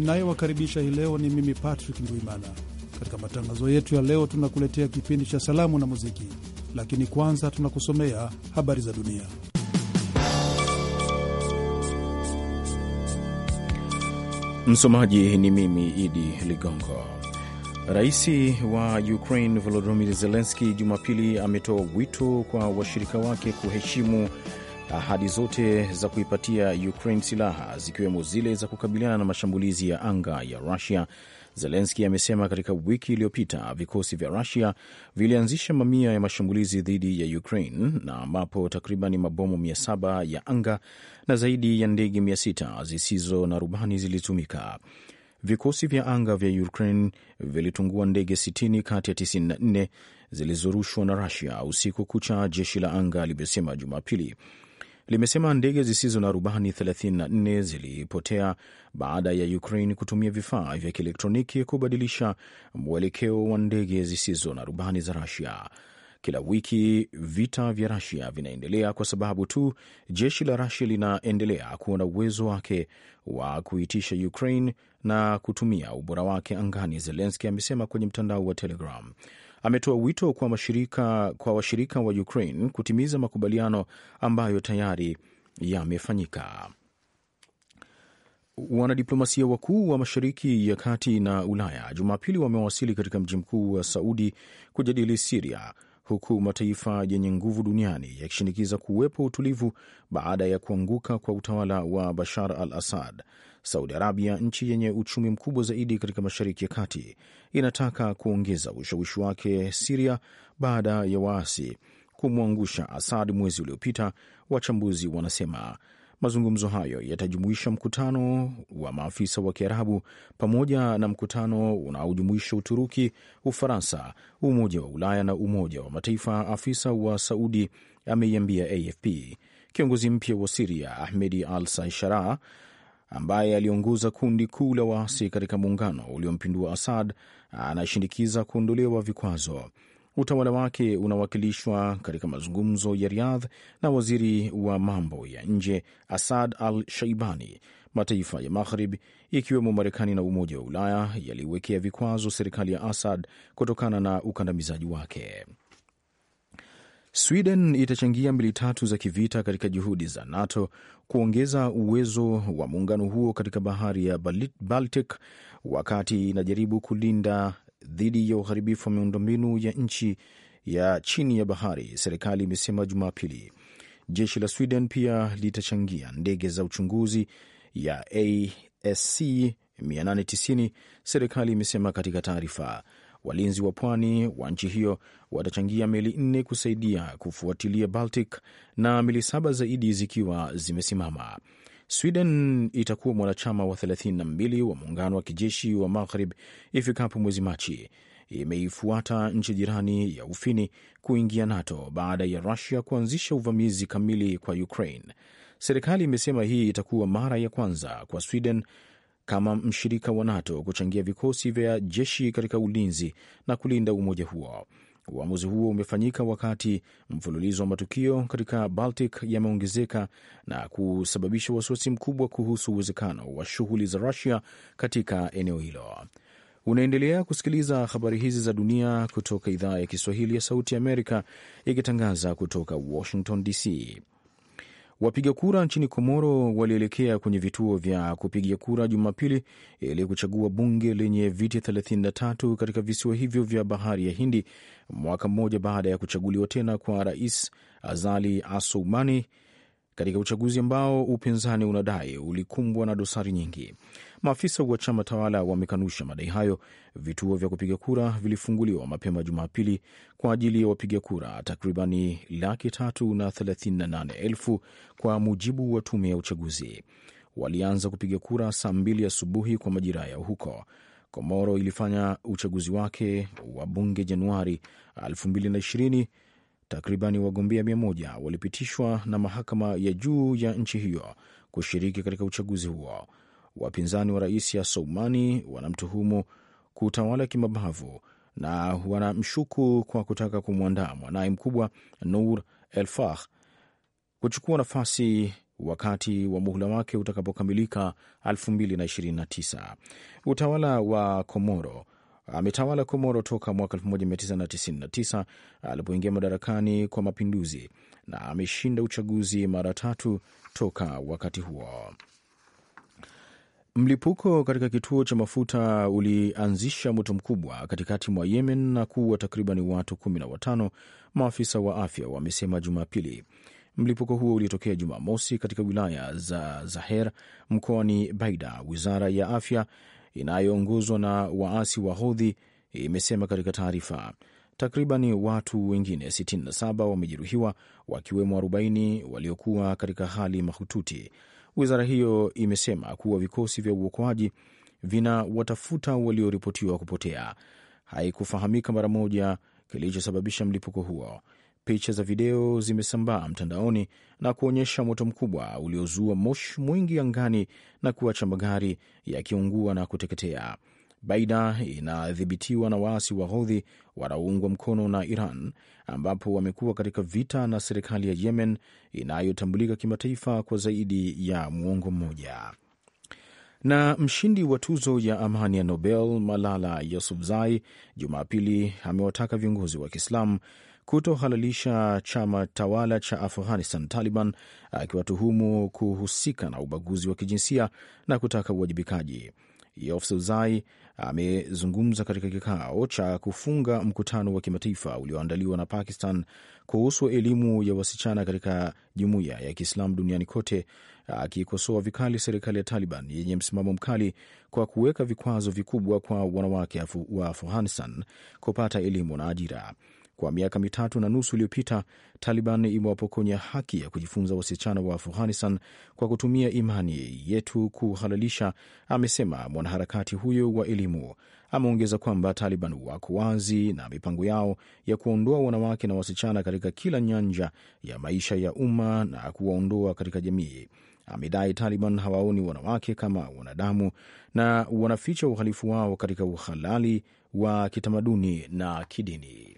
ninayewakaribisha hii leo ni mimi Patrick Ndwimana. Katika matangazo yetu ya leo, tunakuletea kipindi cha salamu na muziki, lakini kwanza tunakusomea habari za dunia. Msomaji ni mimi Idi Ligongo. Rais wa Ukraine Volodymyr Zelensky Jumapili ametoa wito kwa washirika wake kuheshimu ahadi zote za kuipatia Ukraine silaha zikiwemo zile za kukabiliana na mashambulizi ya anga ya Rusia. Zelenski amesema katika wiki iliyopita vikosi vya Rusia vilianzisha mamia ya mashambulizi dhidi ya Ukraine na ambapo takriban mabomu 700 ya anga na zaidi ya ndege 600 zisizo na rubani zilitumika. Vikosi vya anga vya Ukraine vilitungua ndege 60 kati ya 94 zilizorushwa na Rusia usiku kucha, jeshi la anga limesema Jumapili limesema ndege zisizo na rubani 34 zilipotea baada ya Ukraine kutumia vifaa vya kielektroniki kubadilisha mwelekeo wa ndege zisizo na rubani za Rusia. Kila wiki vita vya Rusia vinaendelea kwa sababu tu jeshi la Rusia linaendelea kuwa na uwezo wake wa kuitisha Ukraine na kutumia ubora wake angani, Zelenski amesema kwenye mtandao wa Telegram ametoa wito kwa mashirika, kwa washirika wa Ukraine kutimiza makubaliano ambayo tayari yamefanyika. Wanadiplomasia wakuu wa Mashariki ya Kati na Ulaya Jumapili wamewasili katika mji mkuu wa Saudi kujadili Siria, huku mataifa yenye nguvu duniani yakishinikiza kuwepo utulivu baada ya kuanguka kwa utawala wa Bashar al Assad. Saudi Arabia, nchi yenye uchumi mkubwa zaidi katika Mashariki ya Kati, inataka kuongeza ushawishi wake Siria baada ya waasi kumwangusha Asad mwezi uliopita, wachambuzi wanasema. Mazungumzo hayo yatajumuisha mkutano wa maafisa wa Kiarabu pamoja na mkutano unaojumuisha Uturuki, Ufaransa, Umoja wa Ulaya na Umoja wa Mataifa, afisa wa Saudi ameiambia AFP. Kiongozi mpya wa Siria Ahmedi al Saishara ambaye aliongoza kundi kuu la waasi katika muungano uliompindua Assad anashinikiza kuondolewa vikwazo. Utawala wake unawakilishwa katika mazungumzo ya Riyadh na waziri wa mambo ya nje Asad al Shaibani. Mataifa ya Maghrib ikiwemo Marekani na Umoja wa Ulaya yaliwekea vikwazo serikali ya Assad kutokana na ukandamizaji wake. Sweden itachangia meli tatu za kivita katika juhudi za NATO kuongeza uwezo wa muungano huo katika bahari ya Baltic wakati inajaribu kulinda dhidi ya uharibifu wa miundombinu ya nchi ya chini ya bahari, serikali imesema Jumapili. Jeshi la Sweden pia litachangia ndege za uchunguzi ya ASC 890, serikali imesema katika taarifa. Walinzi wa pwani wa nchi hiyo watachangia meli nne kusaidia kufuatilia Baltic na meli saba zaidi zikiwa zimesimama. Sweden itakuwa mwanachama wa 32 wa muungano wa kijeshi wa Maghrib ifikapo mwezi Machi. Imeifuata nchi jirani ya Ufini kuingia NATO baada ya Rusia kuanzisha uvamizi kamili kwa Ukraine. Serikali imesema hii itakuwa mara ya kwanza kwa Sweden kama mshirika wa NATO kuchangia vikosi vya jeshi katika ulinzi na kulinda umoja huo. Uamuzi huo umefanyika wakati mfululizo wa matukio katika Baltic yameongezeka na kusababisha wasiwasi mkubwa kuhusu uwezekano wa shughuli za Rusia katika eneo hilo. Unaendelea kusikiliza habari hizi za dunia kutoka idhaa ya Kiswahili ya Sauti ya Amerika, ikitangaza kutoka Washington DC. Wapiga kura nchini Komoro walielekea kwenye vituo vya kupiga kura Jumapili ili kuchagua bunge lenye viti 33 katika visiwa hivyo vya bahari ya Hindi, mwaka mmoja baada ya kuchaguliwa tena kwa Rais Azali Assoumani katika uchaguzi ambao upinzani unadai ulikumbwa na dosari nyingi. Maafisa wa chama tawala wamekanusha madai hayo. Vituo vya kupiga kura vilifunguliwa mapema Jumapili kwa ajili ya wapiga kura takribani laki tatu na thelathini na nane elfu kwa mujibu wa tume ya uchaguzi. Walianza kupiga kura saa mbili asubuhi kwa majira ya huko. Komoro ilifanya uchaguzi wake wa bunge Januari 2020 takribani wagombea mia moja walipitishwa na mahakama ya juu ya nchi hiyo kushiriki katika uchaguzi huo. Wapinzani wa rais ya Soumani wanamtuhumu kutawala kimabavu na wanamshuku kwa kutaka kumwandaa mwanaye mkubwa nur elfah kuchukua nafasi wakati wa muhula wake utakapokamilika 2029. Utawala wa Komoro ametawala Komoro toka mwaka 1999 alipoingia madarakani kwa mapinduzi na ameshinda uchaguzi mara tatu toka wakati huo. Mlipuko katika kituo cha mafuta ulianzisha moto mkubwa katikati mwa Yemen na kuua takriban watu kumi watano, maafisa wa afya wamesema Jumapili. Mlipuko huo ulitokea Jumamosi katika wilaya za Zaher mkoani Baida, wizara ya afya inayoongozwa na waasi wa Hodhi imesema katika taarifa. Takriban watu wengine 67 wamejeruhiwa wakiwemo 40 waliokuwa katika hali mahututi. Wizara hiyo imesema kuwa vikosi vya uokoaji vinawatafuta walioripotiwa kupotea. Haikufahamika mara moja kilichosababisha mlipuko huo picha za video zimesambaa mtandaoni na kuonyesha moto mkubwa uliozua moshi mwingi angani na kuacha magari yakiungua na kuteketea. Baida inadhibitiwa na waasi wa Houthi wanaoungwa mkono na Iran, ambapo wamekuwa katika vita na serikali ya Yemen inayotambulika kimataifa kwa zaidi ya muongo mmoja. Na mshindi wa tuzo ya amani ya Nobel Malala Yousafzai Jumapili amewataka viongozi wa Kiislamu kutohalalisha chama tawala cha Afghanistan Taliban, akiwatuhumu kuhusika na ubaguzi wa kijinsia na kutaka uwajibikaji. Yousafzai amezungumza katika kikao cha kufunga mkutano wa kimataifa ulioandaliwa na Pakistan kuhusu elimu ya wasichana katika jumuiya ya Kiislamu duniani kote, akikosoa vikali serikali ya Taliban yenye msimamo mkali kwa kuweka vikwazo vikubwa kwa wanawake wa Afghanistan kupata elimu na ajira. Kwa miaka mitatu na nusu iliyopita, Taliban imewapokonya haki ya kujifunza wasichana wa Afghanistan kwa kutumia imani yetu kuhalalisha, amesema mwanaharakati huyo wa elimu. Ameongeza kwamba Taliban wako wazi na mipango yao ya kuwaondoa wanawake na wasichana katika kila nyanja ya maisha ya umma na kuwaondoa katika jamii. Amedai Taliban hawaoni wanawake kama wanadamu na wanaficha uhalifu wao katika uhalali wa kitamaduni na kidini.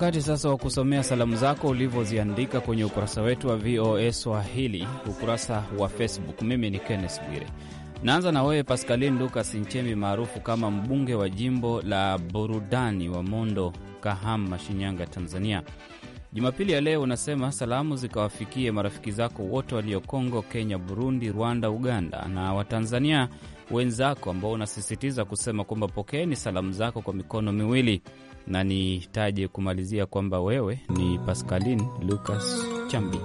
wakati sasa wa kusomea salamu zako ulivyoziandika kwenye ukurasa wetu wa VOA Swahili, ukurasa wa Facebook. Mimi ni Kenneth Bwire. Naanza na wewe Paskalin Lukas Nchemi, maarufu kama mbunge wa jimbo la burudani wa Mondo, Kahama, Shinyanga, Tanzania. Jumapili ya leo unasema salamu zikawafikie marafiki zako wote walio Kongo, Kenya, Burundi, Rwanda, Uganda na Watanzania wenzako ambao unasisitiza kusema kwamba pokeeni salamu zako kwa mikono miwili na nitaje kumalizia kwamba wewe ni Pascaline Lucas Chambi.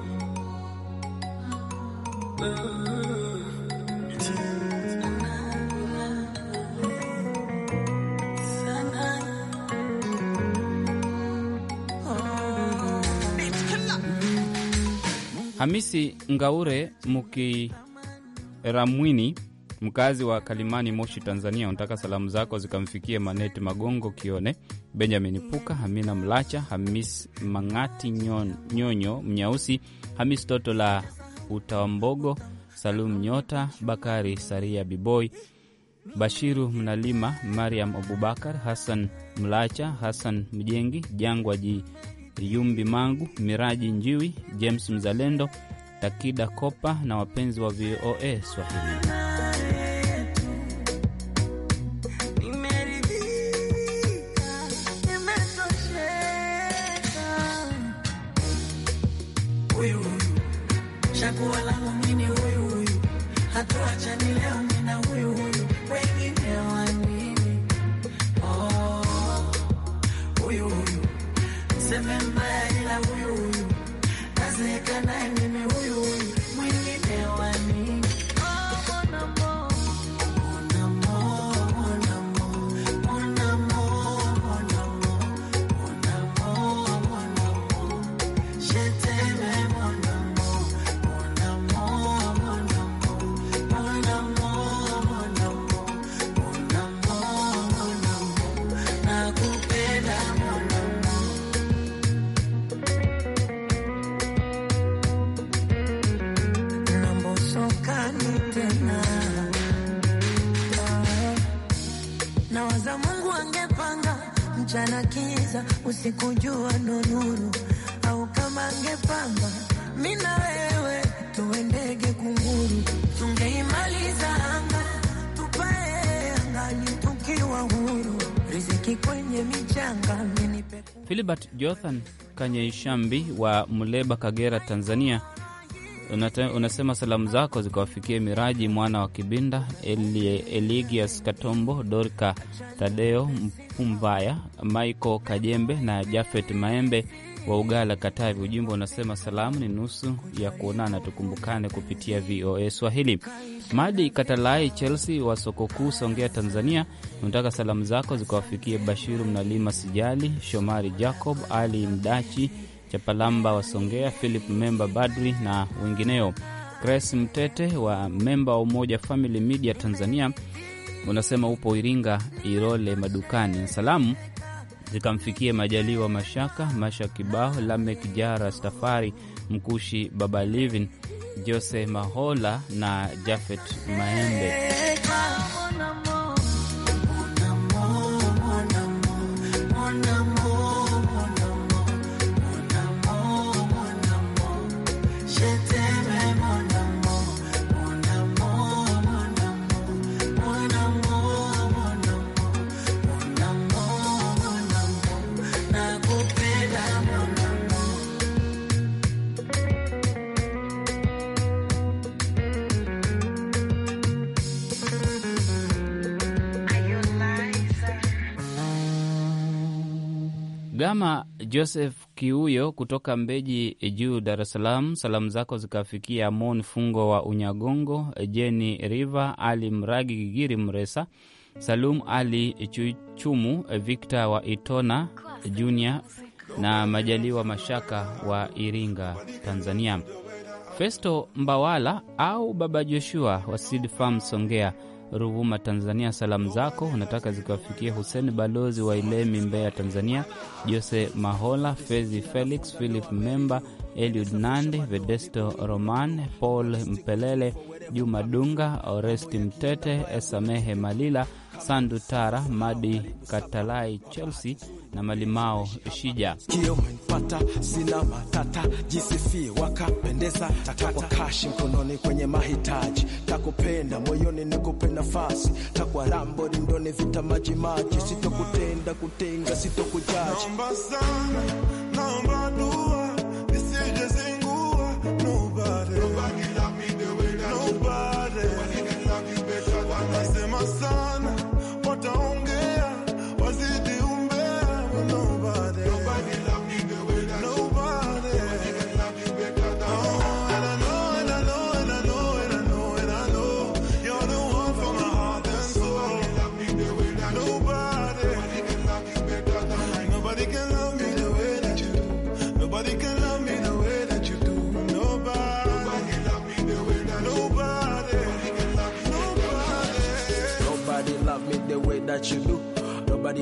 Hamisi Ngaure Mukiramwini, mkazi wa Kalimani, Moshi, Tanzania, unataka salamu zako zikamfikie Maneti Magongo Kione, Benjamin Puka, Hamina Mlacha, Hamis Mangati, Nyonyo Mnyausi, Hamis Toto la Utawambogo, Salum Nyota, Bakari Saria, Biboy Bashiru Mnalima, Mariam Abubakar, Hassan Mlacha, Hassan Mjengi, Jangwa Ji Yumbi Mangu, Miraji Njiwi, James Mzalendo, Takida Kopa na wapenzi wa VOA Swahili. mchana kiza, usikujua ndo nuru. Au kama angepamba mi na wewe tuwe ndege kunguru, tungeimaliza anga tupae angani tukiwa huru, riziki kwenye michanga. Filibert Jonathan Kanyeishambi wa Muleba, Kagera, Tanzania unasema salamu zako zikawafikie Miraji mwana wa Kibinda, Eligias Katombo, Dorka Tadeo Mpumbaya, Michael Kajembe na Jafet Maembe wa Ugala, Katavi. Ujumbe unasema salamu ni nusu ya kuonana, tukumbukane kupitia VOA Swahili. Madi Katalai Chelsea wa soko kuu Songea, Tanzania, unataka salamu zako zikawafikie Bashiru Mnalima, Sijali Shomari, Jacob Ali Mdachi Chapalamba wa Songea, Philip Memba Badri na wengineo. Grace Mtete wa Memba wa Umoja Family Media Tanzania unasema upo Iringa, Irole madukani. Salamu zikamfikie Majaliwa Mashaka, Masha Kibao, Lamek Jara, Stafari Mkushi, Baba Livin, Jose Mahola na Jafet Maembe. Gama Joseph Kiuyo kutoka Mbeji Juu, Dar es Salaam, salamu zako zikafikia Mon Fungo wa Unyagongo, Jeni River, Ali Mragi Gigiri Mresa, Salum Ali Chuchumu, Victor wa Itona Junior na Majaliwa Mashaka wa Iringa, Tanzania. Festo Mbawala au Baba Joshua wa Seed Farm Songea Ruvuma, Tanzania. Salamu zako unataka zikiwafikia huseni balozi wa Ilemi, Mbeya, Tanzania, Jose Mahola, Fezi Felix, Philip Memba, Eliud Nandi, Vedesto Roman, Paul Mpelele, Juma Dunga, Oresti Mtete, Esamehe Malila, Sandu Tara, Madi Katalai, Chelsea na Malimao Shija. Kio mpata sina matata jisifi wakapendeza takwa kashi mkononi kwenye mahitaji takupenda moyoni nikupe nafasi takwa rambo rindoni vita maji maji sitokutenda kutenga sitokujaji naomba dua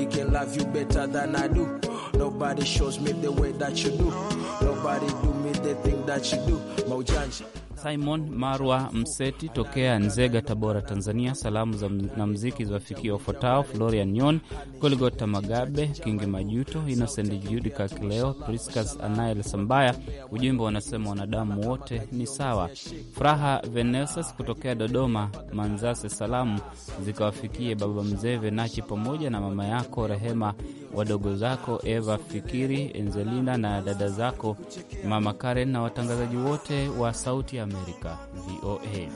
Nobody can love you better than I do. Nobody shows me the way that you do. Nobody do me the thing that you do. Mojanja. Simon Marwa Mseti tokea Nzega, Tabora, Tanzania. Salamu za na mziki ziwafikia wafuatao: Florian Nyon, Goligota Magabe, Kingi Majuto, Innocent Judika Kileo, Priscas Anael Sambaya. Ujumbe wanasema wanadamu wote ni sawa. Furaha Venesas kutokea Dodoma, Manzase, salamu zikawafikie baba mzee Venachi pamoja na mama yako Rehema wadogo zako Eva Fikiri, Enzelina na dada zako Mama Karen na watangazaji wote wa Sauti ya Amerika VOA.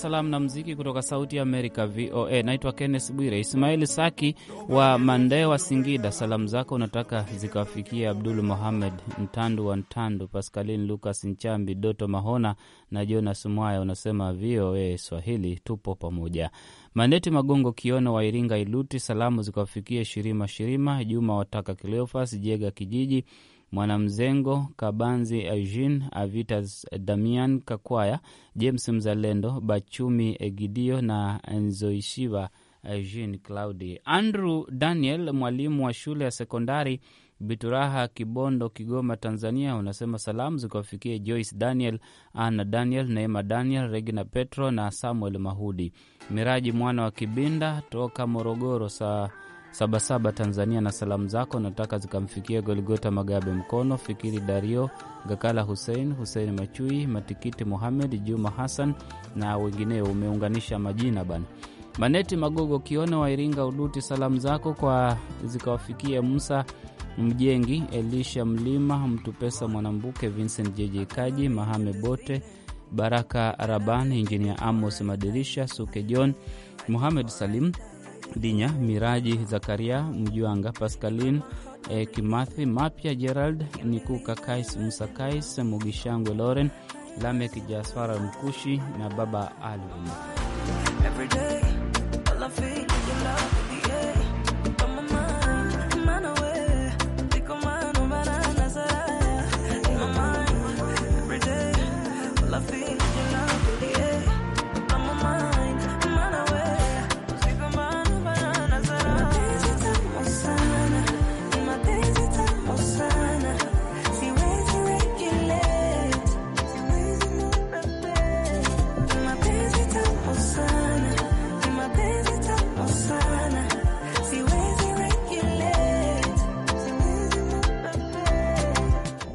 salamu na mziki kutoka Sauti ya Amerika, VOA. Naitwa kennes Bwire. Ismaili Saki wa mandee wa Singida, salamu zako unataka zikawafikia Abdul Mohamed Ntandu wa Ntandu, Paskalin Lukas Nchambi, Doto Mahona na Jonas Mwaya. Unasema VOA Swahili tupo pamoja. Mandeti Magongo Kiono wa Iringa, Iluti, salamu zikawafikia Shirima Shirima, Juma Wataka, Kleofas Jega kijiji Mwanamzengo Kabanzi, Ajin, Avitas, Damian Kakwaya, James Mzalendo, Bachumi Egidio na nzoishiva Eugene Claudi. Andrew Daniel, mwalimu wa shule ya sekondari Bituraha, Kibondo, Kigoma, Tanzania, unasema salamu zikawafikie Joyce Daniel, Ana Daniel, Neema Daniel, Regina Petro na Samuel Mahudi. Miraji mwana wa Kibinda toka Morogoro saa sabasaba Tanzania, na salamu zako nataka zikamfikia Golgota Magabe Mkono, Fikiri Dario, Gakala Hussein, Husein Machui, Matikiti muhamed Juma Hassan na wengineo. Umeunganisha majina bana. Maneti Magogo Kione wa Iringa Uduti, salamu zako kwa zikawafikia Musa Mjengi, Elisha Mlima, Mtupesa Mwanambuke, Vincent JJ Kaji, Mahame Bote, Baraka Arabani, Injinia Amos Madirisha, Suke John, Muhamed Salim Dinya, Miraji Zakaria, Mjwanga Pascalin e, Kimathi Mapya, Gerald Nikuka, Kais Musa, Kais Mugishangwe, Loren Lamek, Jaswara Mkushi na Baba Alvin.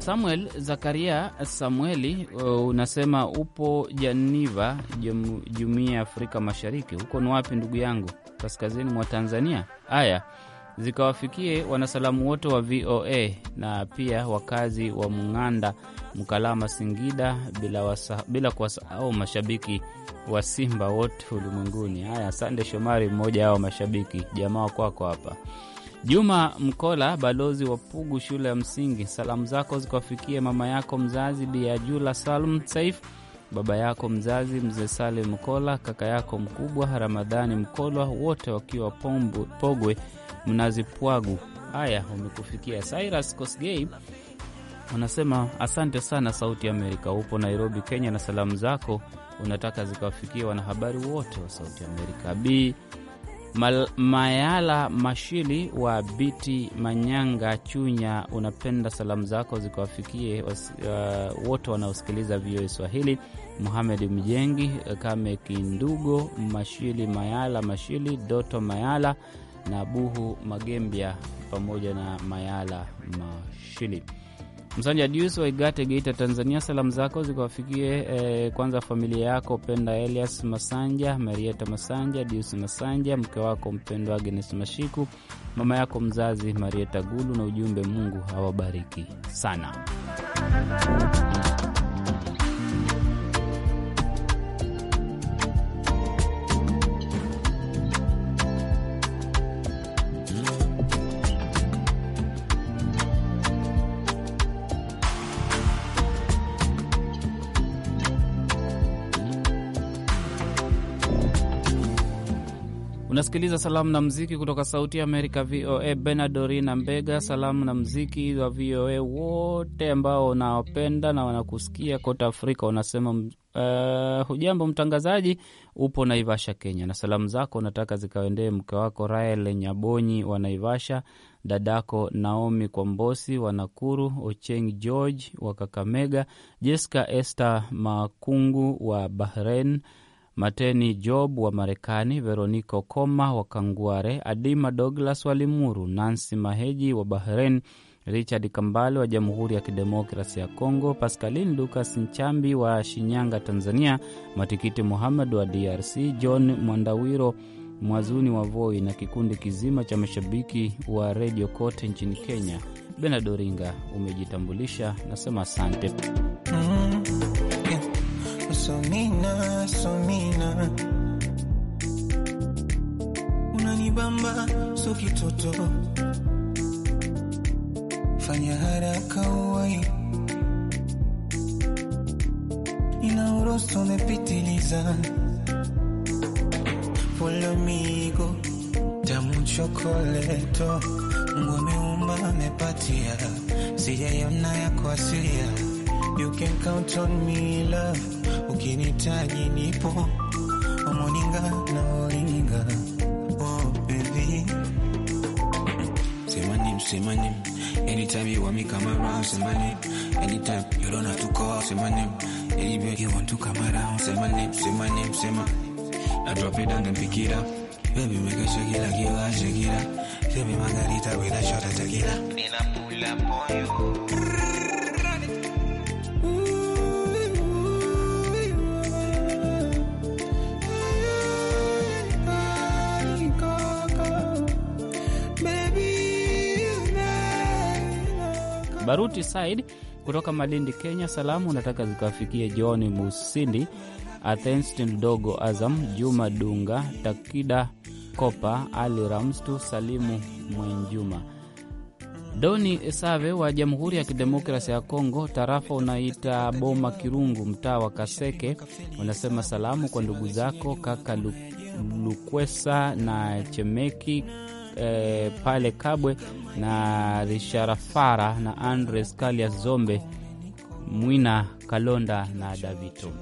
Samuel Zakaria Samueli uh, unasema upo Janiva, jumuia ya Afrika Mashariki. Huko ni wapi ndugu yangu? Kaskazini mwa Tanzania. Haya, zikawafikie wanasalamu wote wa VOA na pia wakazi wa Mng'anda, Mkalama, Singida, bila, bila kuwasahau mashabiki wa Simba wote ulimwenguni. Haya, sande Shomari, mmoja hao mashabiki jamaa kwako hapa kwa Juma Mkola, balozi wa Pugu shule ya msingi, salamu zako zikawafikie mama yako mzazi Bi Ajula Salum Saif, baba yako mzazi Mzee Sale Mkola, kaka yako mkubwa Ramadhani Mkolwa, wote wakiwa Pombu, Pogwe Mnazi Pwagu. Haya umekufikia. Cyrus Kosgei unasema asante sana Sauti Amerika, upo Nairobi, Kenya, na salamu zako unataka zikawafikia wanahabari wote wa Sauti Amerika. Bi Mal, Mayala Mashili wa Biti Manyanga, Chunya, unapenda salamu zako zikawafikie uh, wote wanaosikiliza VOA Swahili: Muhamed Mjengi, Kame Kindugo, Mashili Mayala Mashili, Doto Mayala na Buhu Magembya, pamoja na Mayala Mashili. Msanja Dius Waigate, Geita, Tanzania, salamu zako zikawafikie eh, kwanza familia yako Penda Elias Masanja, Marieta Masanja, Dius Masanja, mke wako mpendwa Agnes Mashiku, mama yako mzazi Marieta Gulu, na ujumbe Mungu awabariki sana. unasikiliza salamu na mziki kutoka Sauti ya Amerika, VOA. Benadorina Mbega, salamu na mziki wa VOA wote ambao unawapenda na wanakusikia kote Afrika. Unasema uh, hujambo mtangazaji, upo Naivasha, Kenya, na salamu zako unataka zikaendee mke wako Rael Nyabonyi wa Naivasha, dadako Naomi Kwambosi wa Nakuru, Ocheng George wa Kakamega, Jessica este Makungu wa bahrein Mateni Job wa Marekani, veronico Koma wa Kangware, Adima Douglas wa Limuru, Nansi Maheji wa Bahrein, Richard Kambale wa Jamhuri ya Kidemokrasi ya Kongo, pascalin Lucas Nchambi wa Shinyanga, Tanzania, Matikiti Muhammad wa DRC, John Mwandawiro Mwazuni wa Voi na kikundi kizima cha mashabiki wa redio kote nchini Kenya. Benadoringa umejitambulisha, nasema asante. Mm-hmm. Somina, Somina, unanibamba so kitoto, fanya haraka uwai, inaoroso mepitiliza, polamigo tamu chokoleto, Mungu ameumba amepatia, sijaiona ya kwasilia you can count on me love ukinitaji nipo Omoninga na olinga oh baby Say my Anytime you want me come around, say Anytime you don't have to call, say my you want to come around, say my name, I drop it down then pick it up Baby make it shake it like you are, shake it up Say margarita with a shot of tequila Then I pull Baruti Said kutoka Malindi, Kenya. Salamu nataka zikawafikie John Musindi, Athenstin Dogo, Azam Juma Dunga, Takida Kopa, Ali Ramstu, Salimu Mwenjuma, Doni Save wa Jamhuri ya Kidemokrasi ya Kongo, tarafa unaita Boma Kirungu, mtaa wa Kaseke. Unasema salamu kwa ndugu zako kaka Lukwesa na Chemeki eh, pale Kabwe na Rishara Fara na Andres Kalias Zombe, Mwina Kalonda na Davito.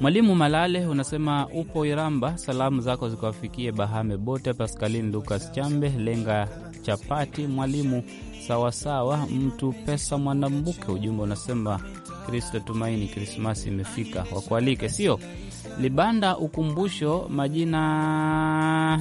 Mwalimu Malale unasema upo Iramba, salamu zako zikawafikie Bahame bote, Paskalin Lukas Chambe, Lenga Chapati, Mwalimu Sawasawa, Mtu Pesa Mwanambuke. Ujumbe unasema Kristo Tumaini, Krismasi imefika, wakualike sio Libanda Ukumbusho majina.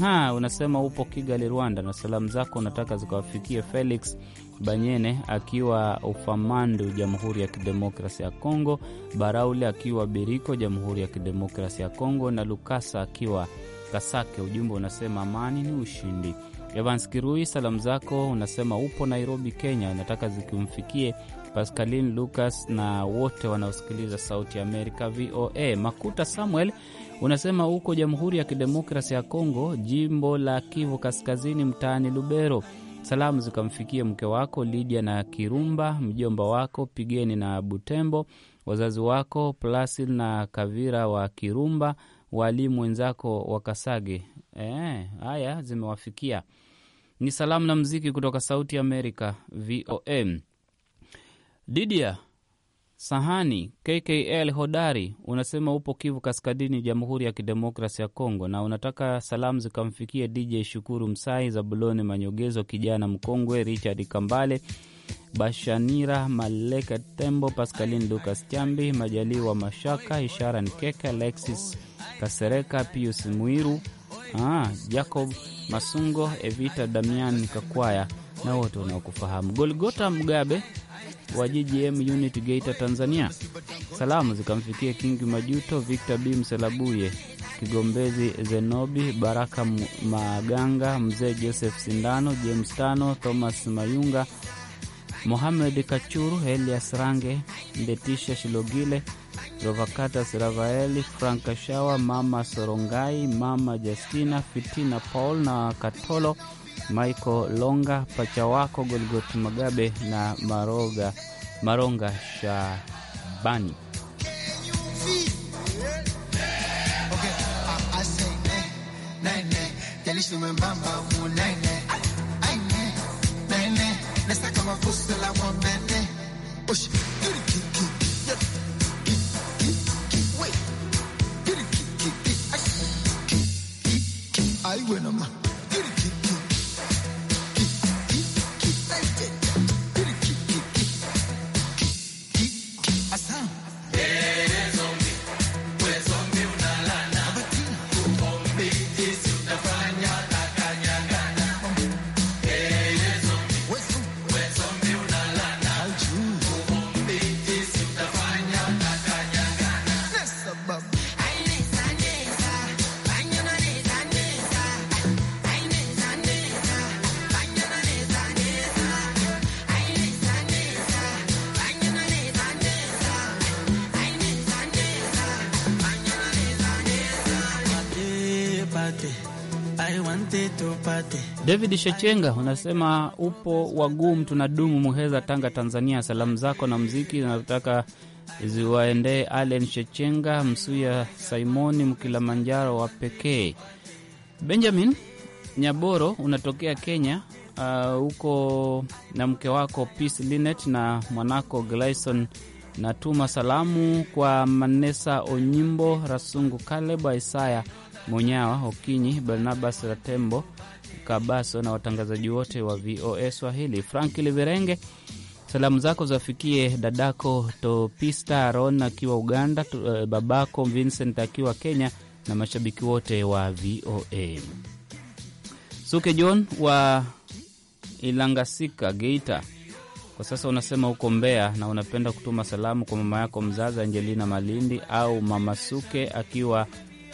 Ha, unasema upo Kigali, Rwanda, na salamu zako unataka zikawafikie Felix Banyene akiwa Ufamandu, Jamhuri ya Kidemokrasi ya Kongo, Barauli akiwa Biriko, Jamhuri ya Kidemokrasi ya Kongo, na Lukasa akiwa Kasake. Ujumbe unasema amani ni ushindi. Evans Kirui, salamu zako unasema upo Nairobi, Kenya, unataka zikimfikie Pascalin Lucas na wote wanaosikiliza Sauti ya Amerika VOA. Makuta Samuel unasema huko Jamhuri ya Kidemokrasi ya Kongo, jimbo la Kivu Kaskazini, mtaani Lubero. Salamu zikamfikie mke wako Lidia na Kirumba, mjomba wako Pigeni na Butembo, wazazi wako Plasil na Kavira wa Kirumba, waalimu wenzako wa Kasage. E, haya zimewafikia. Ni salamu na mziki kutoka Sauti Amerika VOM. Didia Sahani KKL Hodari unasema upo Kivu Kaskazini, Jamhuri ya Kidemokrasi ya Kongo, na unataka salamu zikamfikie DJ Shukuru Msai, Zabuloni Manyogezo, kijana mkongwe Richard Kambale, Bashanira Maleka Tembo, Paskalin Lukas Chambi, Majaliwa Mashaka, Ishara Nkeka, Alexis Kasereka, Pius Mwiru, ah, Jacob Masungo, Evita Damian Kakwaya na wote unaokufahamu. Golgota Mgabe wa GGM unit Geita, Tanzania. Salamu zikamfikia Kingi Majuto, Victor B Mselabuye, Kigombezi Zenobi, Baraka Maganga, Mzee Joseph Sindano, James Tano, Thomas Mayunga, Mohamed Kachuru, Elias Range, ndetisha Shilogile, rovakata siravaeli Franka Shawa, Mama Sorongai, Mama Justina Fitina, Paul na Katolo Michael Longa, pacha wako Golgot Magabe na Maroga, Maronga Shabani. yote. David Shechenga unasema upo wagumu, dumu Muheza, Tanga, Tanzania. Salamu zako na mziki zinazotaka ziwaendee Allen Shechenga, Msuya Simoni Mkilimanjaro wa pekee, Benjamin Nyaboro unatokea Kenya huko, uh, na mke wako Peace Linet na mwanako Glyson. Natuma salamu kwa Manesa Onyimbo, Rasungu Kaleba, Isaya Munyawa, Okinyi, Barnabas Ratembo, Kabaso na watangazaji wote wa VOA Swahili. Frank Liverenge, salamu zako zafikie dadako Topista Aron akiwa Uganda, eh, babako Vincent akiwa Kenya na mashabiki wote wa VOA. Suke John wa Ilangasika, Geita, kwa sasa unasema huko Mbeya na unapenda kutuma salamu kwa mama yako mzazi Angelina Malindi au mama Suke akiwa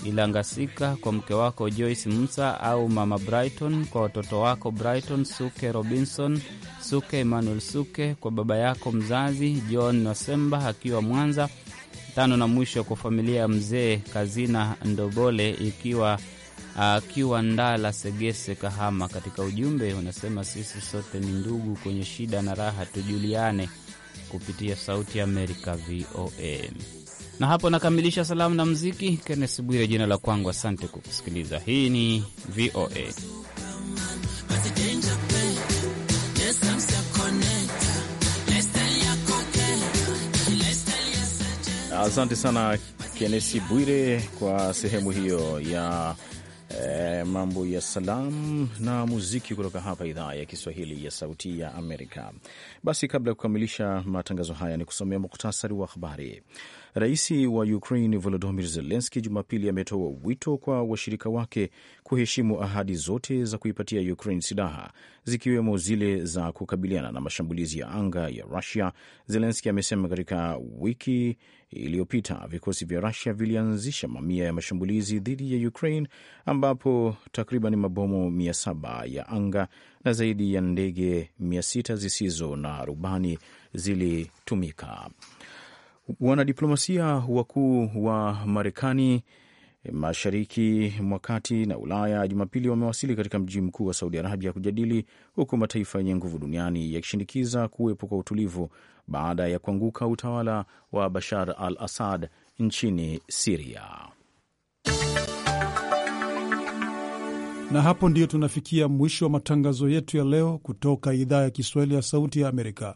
Ilangasika kwa mke wako Joyce Musa au mama Brighton, kwa watoto wako Brighton Suke, Robinson Suke, Emmanuel Suke, kwa baba yako mzazi John Nosemba akiwa Mwanza. Tano na mwisho kwa familia ya mzee Kazina Ndobole ikiwa akiwa uh, Ndala Segese, Kahama. Katika ujumbe unasema sisi sote ni ndugu, kwenye shida na raha tujuliane, kupitia Sauti ya Amerika VOA. Na hapo nakamilisha salamu na mziki. Kennes Bwire jina la kwangu, asante kusikiliza Hii ni VOA Asante sana Kenesi Bwire kwa sehemu hiyo ya eh, mambo ya salamu na muziki kutoka hapa idhaa ya Kiswahili ya Sauti ya Amerika. Basi kabla ya kukamilisha matangazo haya, ni kusomea muktasari wa habari. Rais wa Ukraine Volodymyr Zelensky Jumapili ametoa wito kwa washirika wake kuheshimu ahadi zote za kuipatia Ukraine silaha zikiwemo zile za kukabiliana na mashambulizi ya anga ya Rusia. Zelensky amesema katika wiki iliyopita vikosi vya Rusia vilianzisha mamia ya mashambulizi dhidi ya Ukraine ambapo takriban mabomu 700 ya anga na zaidi ya ndege 600 zisizo na rubani zilitumika. Wanadiplomasia wakuu wa Marekani eh, mashariki mwa kati na Ulaya Jumapili wamewasili katika mji mkuu wa Saudi Arabia kujadili huku mataifa yenye nguvu duniani yakishinikiza kuwepo kwa utulivu baada ya kuanguka utawala wa Bashar al Assad nchini Siria. Na hapo ndiyo tunafikia mwisho wa matangazo yetu ya leo kutoka idhaa ya Kiswahili ya Sauti ya Amerika.